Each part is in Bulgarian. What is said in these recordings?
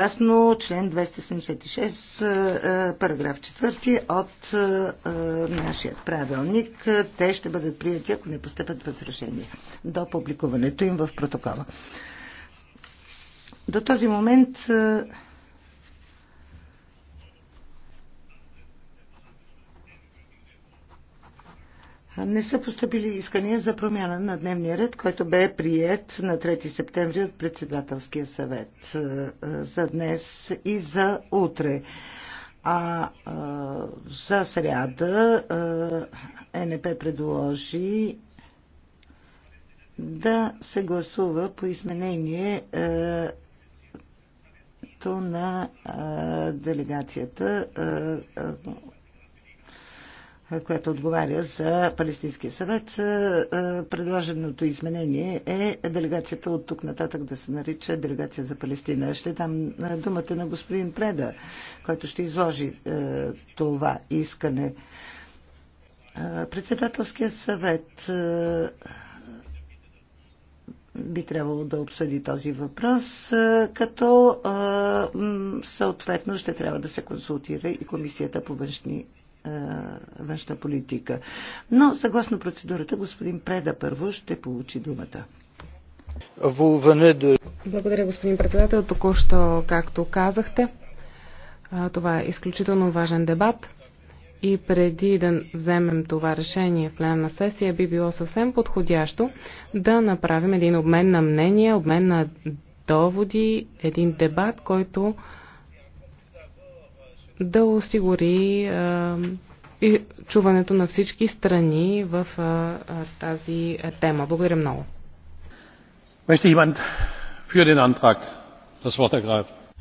Ясно, член 276, е, е, параграф 4 от е, нашия правилник. Те ще бъдат прияти, ако не постъпят възражения до публикуването им в протокола. До този момент Не са поступили искания за промяна на дневния ред, който бе прият на 3 септември от председателския съвет за днес и за утре. А, а за сряда а, НП предложи да се гласува по изменение а, на а, делегацията а, а, която отговаря за Палестинския съвет. Е, е, предложеното изменение е делегацията от тук нататък да се нарича делегация за Палестина. Ще дам е, думата на господин Преда, който ще изложи това искане. Председателския съвет би трябвало да обсъди този въпрос, като съответно ще трябва да се консултира и Комисията по външни е, външна политика. Но съгласно процедурата, господин Преда първо ще получи думата. Благодаря, господин председател. Току-що, както казахте, това е изключително важен дебат и преди да вземем това решение в пленна сесия, би било съвсем подходящо да направим един обмен на мнения, обмен на доводи, един дебат, който да осигури а, и чуването на всички страни в а, тази тема. Благодаря много.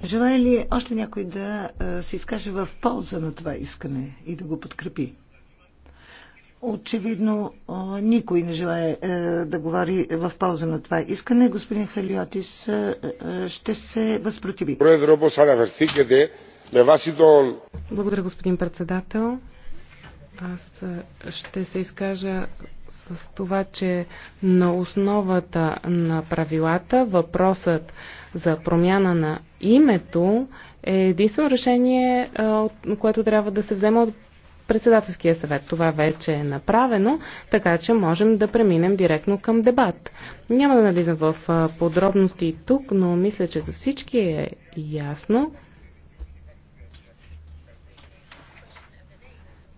Желая ли още някой да се изкаже в полза на това искане и да го подкрепи? Очевидно никой не желая да говори в полза на това искане. Господин Халиотис ще се възпротиви. Благодаря, господин председател. Аз ще се изкажа с това, че на основата на правилата въпросът за промяна на името е единствено решение, което трябва да се взема от председателския съвет. Това вече е направено, така че можем да преминем директно към дебат. Няма да навлизам в подробности тук, но мисля, че за всички е ясно,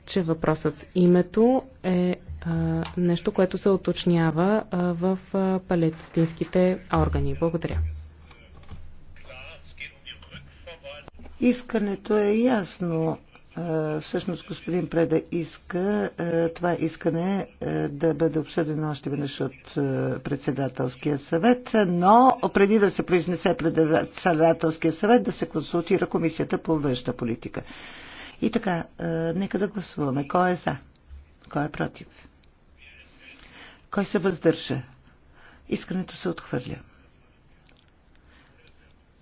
че въпросът с името е а, нещо, което се уточнява а, в а, палестинските органи. Благодаря. Искането е ясно. Всъщност господин Преда иска това искане да бъде обсъдено още веднъж от председателския съвет, но преди да се произнесе председателския съвет да се консултира комисията по външна политика. И така, е, нека да гласуваме. Кой е за? Кой е против? Кой се въздържа? Искането се отхвърля.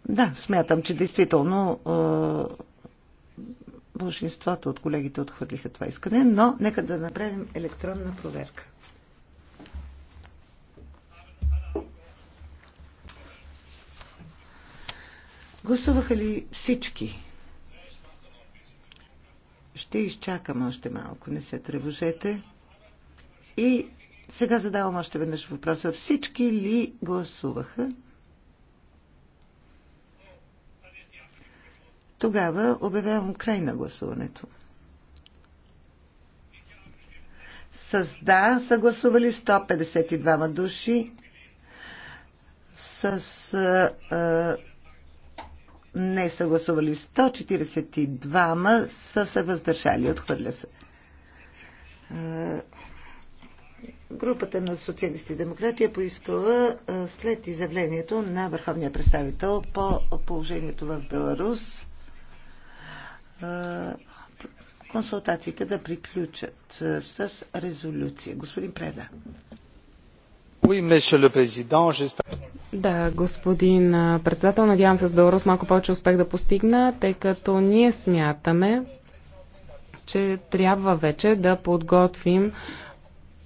Да, смятам, че действително е, большинството от колегите отхвърлиха това искане, но нека да направим електронна проверка. Гласуваха ли всички? Ще изчакам още малко, не се тревожете. И сега задавам още веднъж въпроса. Всички ли гласуваха? Тогава обявявам край на гласуването. С да са гласували 152 души, с а, не са гласували 142, ма са се въздържали. Отхвърля се. Е, групата на социалисти и демократи е поискала е, след изявлението на върховния представител по положението в Беларус е, консултациите да приключат с резолюция. Господин Преда. Да, господин председател, надявам се с Беларус малко повече успех да постигна, тъй като ние смятаме, че трябва вече да подготвим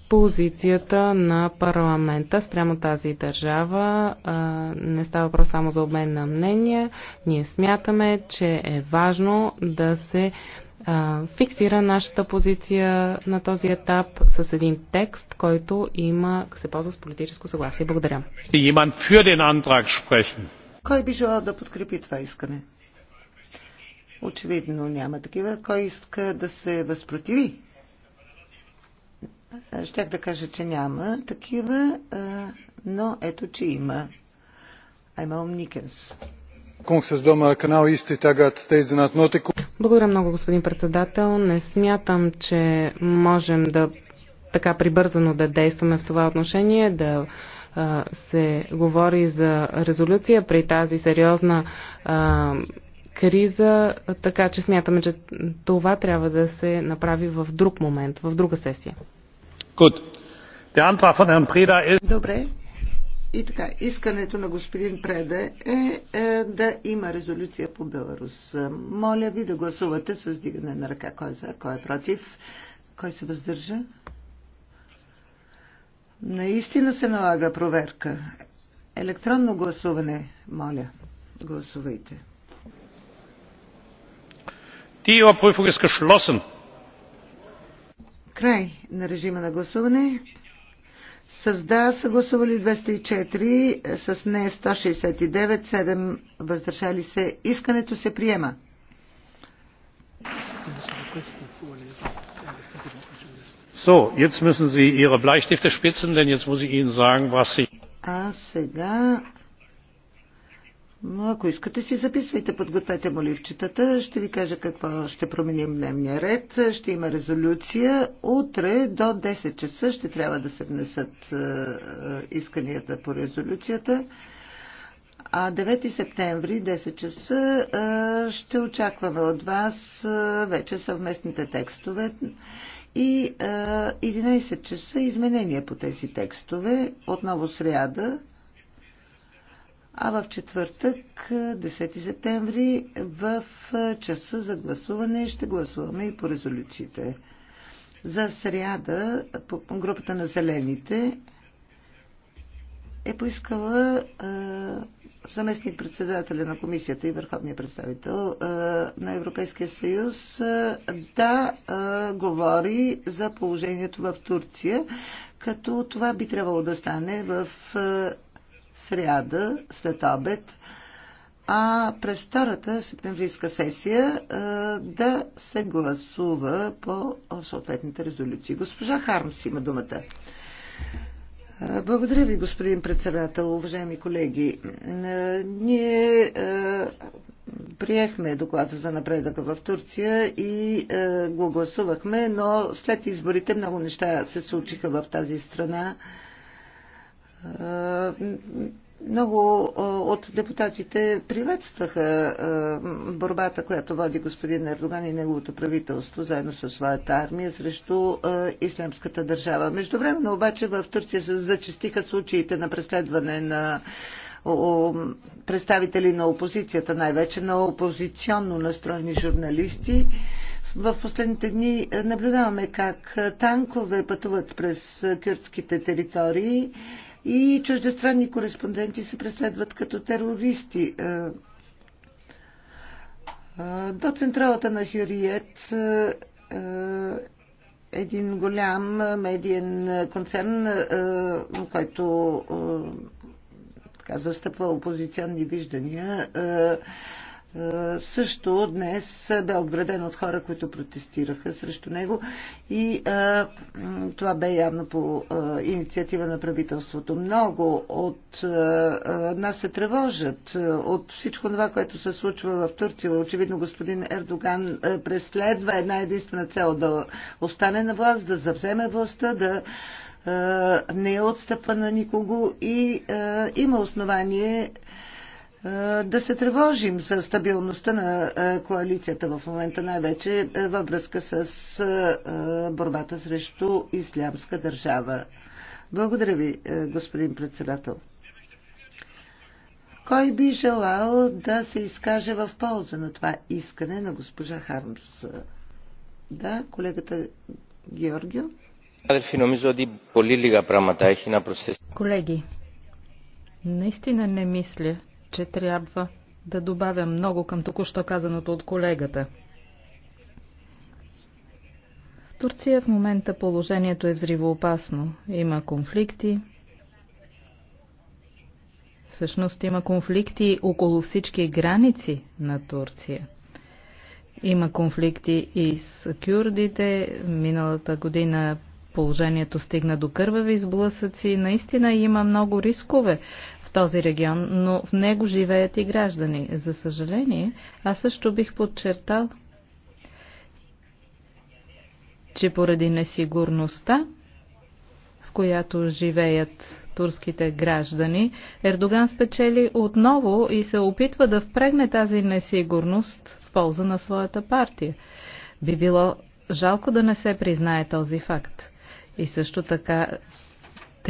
позицията на парламента спрямо тази държава. Не става въпрос само за обмен на мнения. Ние смятаме, че е важно да се а, фиксира нашата позиция на този етап с един текст, който има, се ползва с политическо съгласие. Благодаря. Кой би желал да подкрепи това искане? Очевидно няма такива. Кой иска да се възпротиви? Щях да кажа, че няма такива, но ето, че има. Айма Никенс. Благодаря много, господин председател. Не смятам, че можем да така прибързано да действаме в това отношение, да а, се говори за резолюция при тази сериозна а, криза, така че смятаме, че това трябва да се направи в друг момент, в друга сесия. Е- Добре. И така, искането на господин Преде е, е да има резолюция по Беларус. Моля ви да гласувате с дигане на ръка. Кой е за, кой е против, кой се въздържа? Наистина се налага проверка. Електронно гласуване, моля, гласувайте. Die Überprüfung ist Край на режима на гласуване. С да са гласували 204, с не 169, 7 въздържали се. Искането се приема. So, jetzt müssen Sie Ihre Bleistifte spitzen, denn jetzt muss ich Ihnen sagen, was Sie... А сега ако искате си записвайте, подгответе моливчетата, ще ви кажа какво ще променим дневния ред. Ще има резолюция. Утре до 10 часа ще трябва да се внесат е, е, исканията по резолюцията. А 9 септември, 10 часа, е, ще очакваме от вас вече съвместните текстове и 11 часа изменения по тези текстове. Отново сряда, а в четвъртък, 10 септември, в часа за гласуване ще гласуваме и по резолюциите. За сряда групата на зелените е поискала е, заместник председателя на комисията и върховния представител е, на Европейския съюз е, да е, говори за положението в Турция, като това би трябвало да стане в е, сряда след обед, а през втората септемврийска сесия да се гласува по съответните резолюции. Госпожа Хармс има думата. Благодаря ви, господин председател, уважаеми колеги. Ние приехме доклада за напредъка в Турция и го гласувахме, но след изборите много неща се случиха в тази страна е, много е, от депутатите приветстваха е, борбата, която води господин Ердоган и неговото правителство, заедно с своята армия, срещу ислямската държава. Междувременно обаче в Турция се зачистиха случаите на преследване на представители на опозицията, най-вече на опозиционно настроени журналисти. В последните дни наблюдаваме как танкове пътуват през кюртските територии и чуждестранни кореспонденти се преследват като терористи. Е, е, до централата на Хюриет е, един голям медиен концерн, който така, застъпва опозиционни виждания, е, също днес бе обграден от хора, които протестираха срещу него и а, е, това бе явно по а, е, инициатива на правителството. Много от а, нас се тревожат от всичко това, което се случва в Турция. Очевидно господин Ердоган преследва една единствена цел да остане на власт, да завземе властта, да не е отстъпа на никого и а, има основание да се тревожим за стабилността на коалицията в момента, най-вече във връзка с борбата срещу ислямска държава. Благодаря ви, господин председател. Кой би желал да се изкаже в полза на това искане на госпожа Хармс? Да, колегата Георгио. Колеги, наистина не мисля, че трябва да добавя много към току-що казаното от колегата. В Турция в момента положението е взривоопасно. Има конфликти. Всъщност има конфликти около всички граници на Турция. Има конфликти и с кюрдите. Миналата година положението стигна до кървави сблъсъци. Наистина има много рискове в този регион, но в него живеят и граждани. За съжаление, аз също бих подчертал, че поради несигурността, в която живеят турските граждани, Ердоган спечели отново и се опитва да впрегне тази несигурност в полза на своята партия. Би било жалко да не се признае този факт. И също така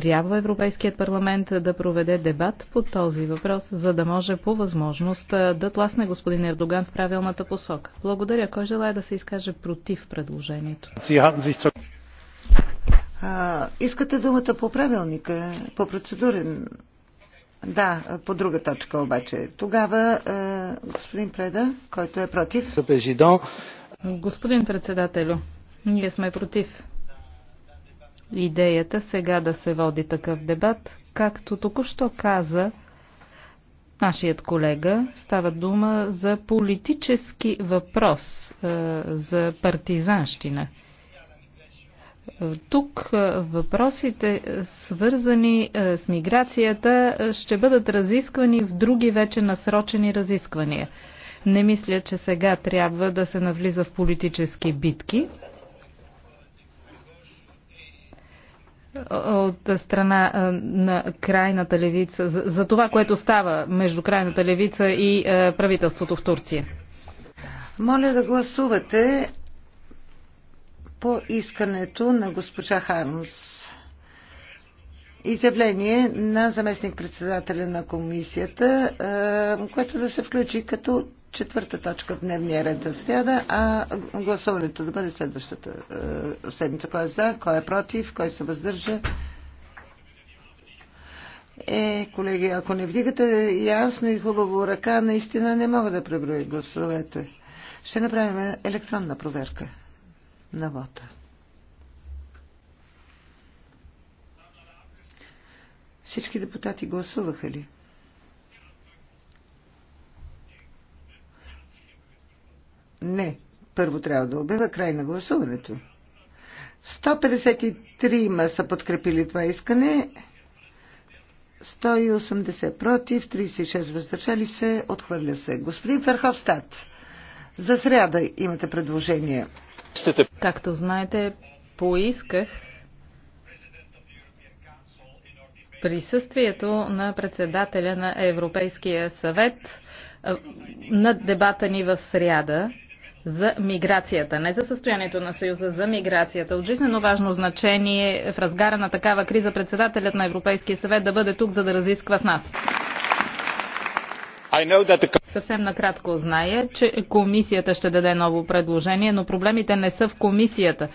трябва Европейският парламент да проведе дебат по този въпрос, за да може по възможност да тласне господин Ердоган в правилната посока. Благодаря. Кой желая да се изкаже против предложението? А, искате думата по правилника, по процедурен. Да, по друга точка обаче. Тогава а, господин Преда, който е против. Господин председателю, ние сме против идеята сега да се води такъв дебат. Както току-що каза нашият колега, става дума за политически въпрос, е, за партизанщина. Тук е, въпросите, е, свързани с миграцията, ще бъдат разисквани в други вече насрочени разисквания. Не мисля, че сега трябва да се навлиза в политически битки. от страна на крайната левица за, за това, което става между крайната левица и правителството в Турция? Моля да гласувате по искането на госпожа Хармс. Изявление на заместник-председателя на комисията, което да се включи като четвърта точка в дневния ред за сряда, а гласуването да бъде следващата е, седмица. Кой е за, кой е против, кой се въздържа. Е, колеги, ако не вдигате ясно и хубаво ръка, наистина не мога да преброя гласовете. Ще направим електронна проверка на вота. Всички депутати гласуваха ли? Първо трябва да обява край на гласуването. 153 са подкрепили това искане. 180 против, 36 въздържали се, отхвърля се. Господин Ферховстат, за сряда имате предложение. Както знаете, поисках присъствието на председателя на Европейския съвет на дебата ни в сряда за миграцията, не за състоянието на Съюза, за миграцията. От жизнено важно значение е в разгара на такава криза председателят на Европейския съвет да бъде тук, за да разисква с нас. The... Съвсем накратко зная, че комисията ще даде ново предложение, но проблемите не са в комисията.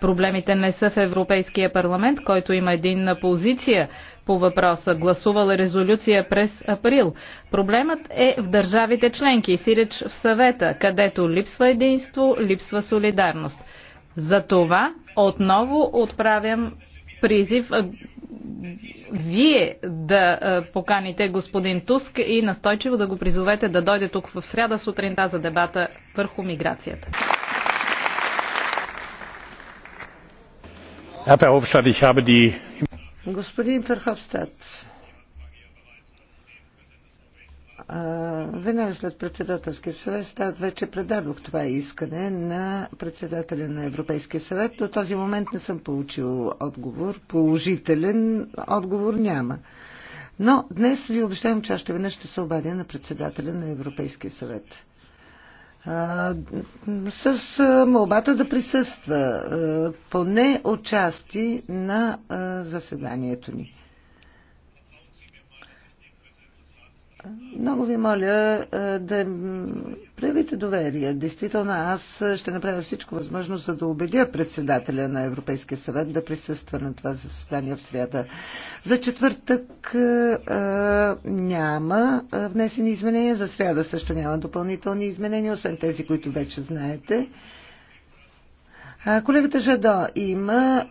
Проблемите не са в Европейския парламент, който има единна позиция по въпроса. Гласувала е резолюция през април. Проблемът е в държавите членки, сиреч в съвета, където липсва единство, липсва солидарност. За това отново отправям призив вие да поканите господин Туск и настойчиво да го призовете да дойде тук в сряда сутринта за дебата върху миграцията. Господин Ферховстад, веднага след председателския съвет аз вече предадох това искане на председателя на Европейския съвет. До този момент не съм получил отговор. Положителен отговор няма. Но днес ви обещавам, че още веднъж ще се обадя на председателя на Европейския съвет с молбата да присъства поне части на заседанието ни. Много ви моля е, да проявите доверие. Действително, аз ще направя всичко възможно, за да убедя председателя на Европейския съвет да присъства на това заседание в среда. За четвъртък е, е, няма внесени изменения, за среда също няма допълнителни изменения, освен тези, които вече знаете. Колегата Жадо има